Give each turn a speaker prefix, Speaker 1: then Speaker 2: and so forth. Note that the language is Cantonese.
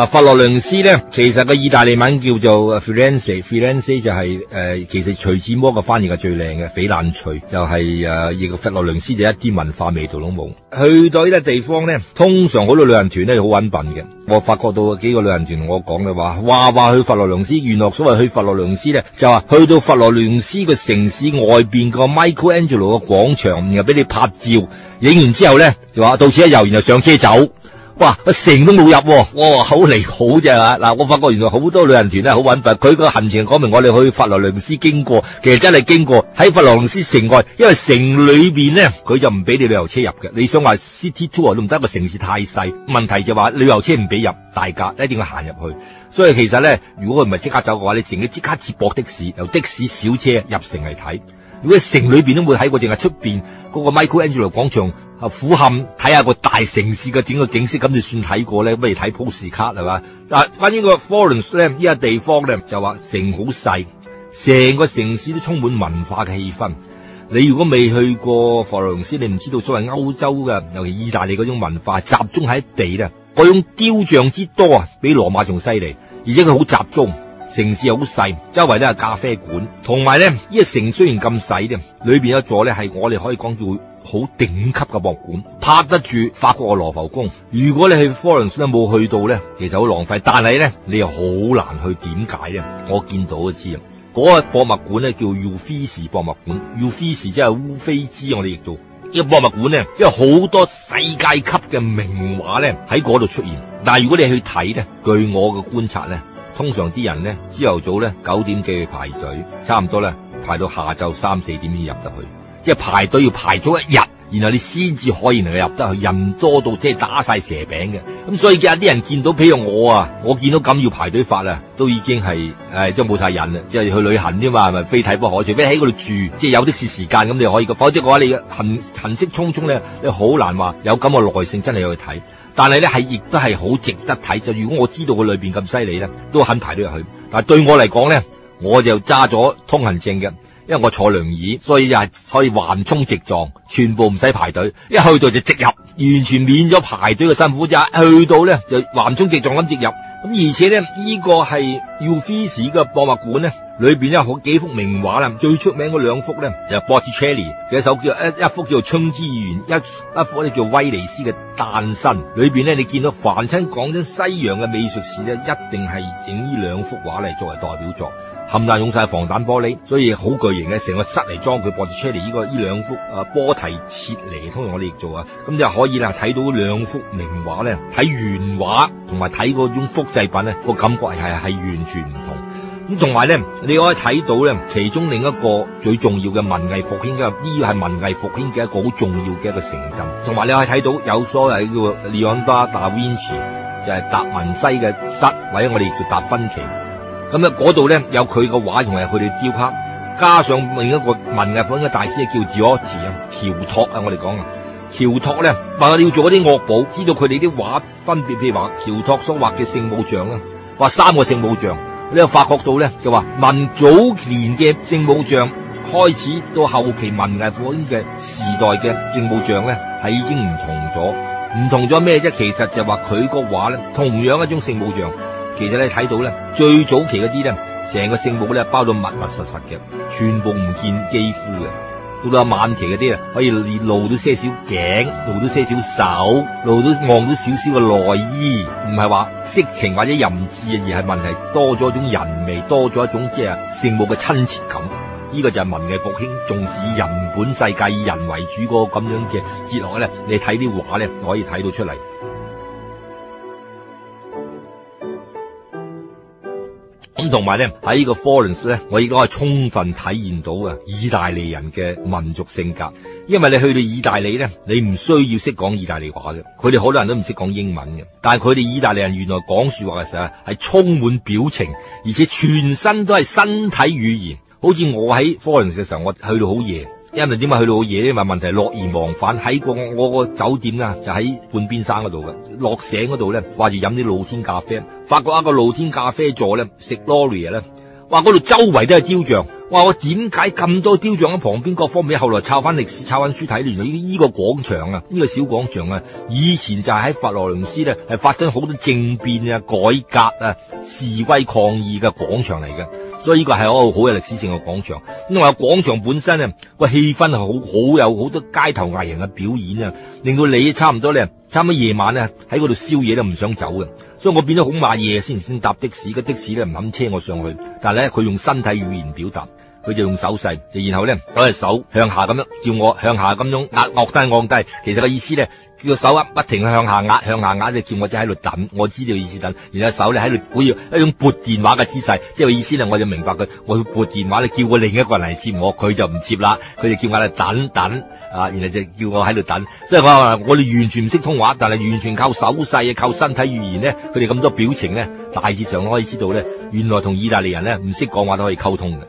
Speaker 1: 嗱，佛羅倫斯咧，其實個意大利文叫做 Firenze，Firenze 就係、是、誒、呃，其實徐志摩嘅翻譯係最靚嘅，翡冷翠就係、是、啊，而、呃、個佛羅倫斯就一啲文化味道都冇。去到呢個地方咧，通常好多旅行團咧好揾笨嘅，我發覺到幾個旅行團同我講嘅話，話話去佛羅倫斯，原來所謂去佛羅倫斯咧，就話去到佛羅倫斯個城市外邊個 Michelangelo a 嘅廣場，然後俾你拍照，影完之後咧就話到此一遊，然後上車走。哇！我成都冇入，我好利好啫。嗱、啊，我發覺原來好多旅行團咧好揾笨。佢個行程講明我哋去佛羅倫斯經過，其實真係經過喺佛羅倫斯城外，因為城裏邊咧佢就唔俾你旅遊車入嘅。你想話 City Tour 都唔得，個城市太細。問題就話旅遊車唔俾入，大家一定要行入去。所以其實咧，如果佢唔係即刻走嘅話，你自己即刻接駁的士，由的士小車入城嚟睇。如果喺城裏邊都冇睇過，淨係出邊嗰個 Michelangelo 廣場啊，俯瞰睇下個大城市嘅整個景色，咁就算睇過咧。不如睇普斯卡係嘛？但係，關於個 Florence 咧，依、這個地方咧就話城好細，成個城市都充滿文化嘅氣氛。你如果未去過佛羅倫斯，你唔知道所謂歐洲嘅，尤其意大利嗰種文化集中喺地咧，嗰種雕像之多啊，比羅馬仲犀利，而且佢好集中。城市又好細，周圍都係咖啡館，同埋咧呢、呢個城雖然咁細咧，裏邊有一座咧係我哋可以講叫好頂級嘅博物館，拍得住法國嘅羅浮宮。如果你去佛羅倫斯都冇去到咧，其實好浪費。但係咧，你又好難去點解咧？我見到一次，啊，嗰個博物館咧叫 Uffizi 博物館 Uffizi 即係烏菲茲，我哋亦做。依、呢個博物館咧，即係好多世界級嘅名畫咧喺嗰度出現。但係如果你去睇咧，據我嘅觀察咧。通常啲人咧，朝頭早咧九點幾去排隊，差唔多咧排到下晝三四點先入得去，即係排隊要排咗一日。然後你先至可以能入得去，人多到即係打晒蛇餅嘅。咁所以有啲人見到，譬如我啊，我見到咁要排隊發啊，都已經係誒，即係冇晒人啦。即係去旅行啫嘛，係咪非睇不可？除非喺嗰度住，即係有啲是時間，咁你可以。否則嘅話，你行行色匆匆咧，你好難話有咁嘅耐性，真係要去睇。但係咧係亦都係好值得睇。就如果我知道佢裏邊咁犀利咧，都肯排隊入去。但係對我嚟講咧，我就揸咗通行證嘅。因為我坐輪椅，所以就係可以橫衝直撞，全部唔使排隊，一去到就直入，完全免咗排隊嘅辛苦。就係去到咧就橫衝直撞咁直入，咁而且咧呢、這個係 Uffizi 嘅博物館咧，裏邊咧好幾幅名畫啦，最出名嗰兩幅咧就 Botticelli 嘅一首叫一一幅叫做《春之源》，一一幅咧叫《威尼斯嘅誕生》。裏邊咧你見到凡親講緊西洋嘅美術史咧，一定係整呢兩幅畫嚟作為代表作。冚唪唥用晒防彈玻璃，所以好巨型嘅成個室嚟裝佢，播住出嚟呢、呢個呢兩幅啊波提切利，通用我哋亦做啊，咁就可以啦睇到兩幅名畫咧，睇原畫同埋睇嗰種複製品咧，個感覺係係完全唔同。咁同埋咧，你可以睇到咧，其中另一個最重要嘅文藝復興嘅，呢個係文藝復興嘅一個好重要嘅一個城鎮，同埋你可以睇到有所謂叫做 Leonardo da Vinci 就係達文西嘅室位，我哋叫達芬奇。咁咧，嗰度咧有佢個畫，同埋佢哋雕刻，加上另一個文藝復興嘅大師叫 i, 喬治啊，喬托啊，我哋講啊，喬托咧話要做嗰啲惡補，知道佢哋啲畫分別譬如話喬托所畫嘅聖母像啊，畫三個聖母像，你又發覺到咧就話文早年嘅聖母像開始到後期文藝復興嘅時代嘅聖母像咧係已經唔同咗，唔同咗咩啫？其實就話佢個畫咧，同樣一種聖母像。其實咧睇到咧，最早期嗰啲咧，成個聖母咧包到密密實實嘅，全部唔見肌膚嘅。到到晚期嗰啲啊，可以露到些少頸，露到些少手，露到望到少少嘅內衣。唔係話色情或者淫志，而係問題多咗一種人味，多咗一種即係聖母嘅親切感。呢、這個就係文藝復興，重視人本世界，以人為主個咁樣嘅哲學咧。你睇啲畫咧，可以睇到出嚟。咁同埋咧喺呢個 Florence 咧，我而家係充分體驗到啊意大利人嘅民族性格。因為你去到意大利咧，你唔需要識講意大利話嘅，佢哋好多人都唔識講英文嘅。但係佢哋意大利人原來講說話嘅時候係充滿表情，而且全身都係身體語言，好似我喺 Florence 嘅時候，我去到好夜。因為點解去到夜咧？嘛問題樂而忘返，喺個我個酒店啊，就喺半邊山嗰度嘅，落醒嗰度咧，掛住飲啲露天咖啡，發覺一個露天咖啡座咧，食 loria 咧，話嗰度周圍都係雕像，話我點解咁多雕像喺旁邊？各方面後來抄翻歷史，抄翻書睇，原來呢呢個廣場啊，呢個小廣場啊，以前就係喺佛羅倫斯咧，係發生好多政變啊、改革啊、示威抗議嘅廣場嚟嘅，所以呢個係一個好有歷史性嘅廣場。因為廣場本身啊，個氣氛係好好，有好多街頭藝人嘅表演啊，令到你差唔多咧，差唔多夜晚咧，喺嗰度宵夜都唔想走嘅，所以我變咗好晚夜先先搭的士，嗰的士咧唔肯車我上去，但係咧佢用身體語言表達。佢就用手勢，然後咧攞隻手向下咁樣叫我向下咁樣壓落低，降低。其實個意思咧，叫個手啊不停向下壓，向下壓，就叫我即喺度等。我知道意思等。然後手咧喺度，好似一種撥電話嘅姿勢，即係意思咧，我就明白佢我要撥電話咧，叫過另一個人嚟接我，佢就唔接啦。佢就叫我哋等等啊，然後就叫我喺度等。即係我話我哋完全唔識通話，但係完全靠手勢、靠身體語言咧，佢哋咁多表情咧，大致上可以知道咧，原來同意大利人咧唔識講話都可以溝通嘅。